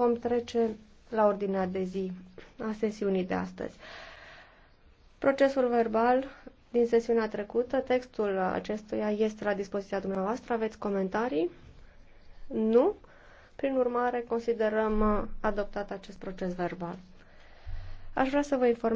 vom trece la ordinea de zi a sesiunii de astăzi. Procesul verbal din sesiunea trecută, textul acestuia este la dispoziția dumneavoastră. Aveți comentarii? Nu? Prin urmare, considerăm adoptat acest proces verbal. Aș vrea să vă informez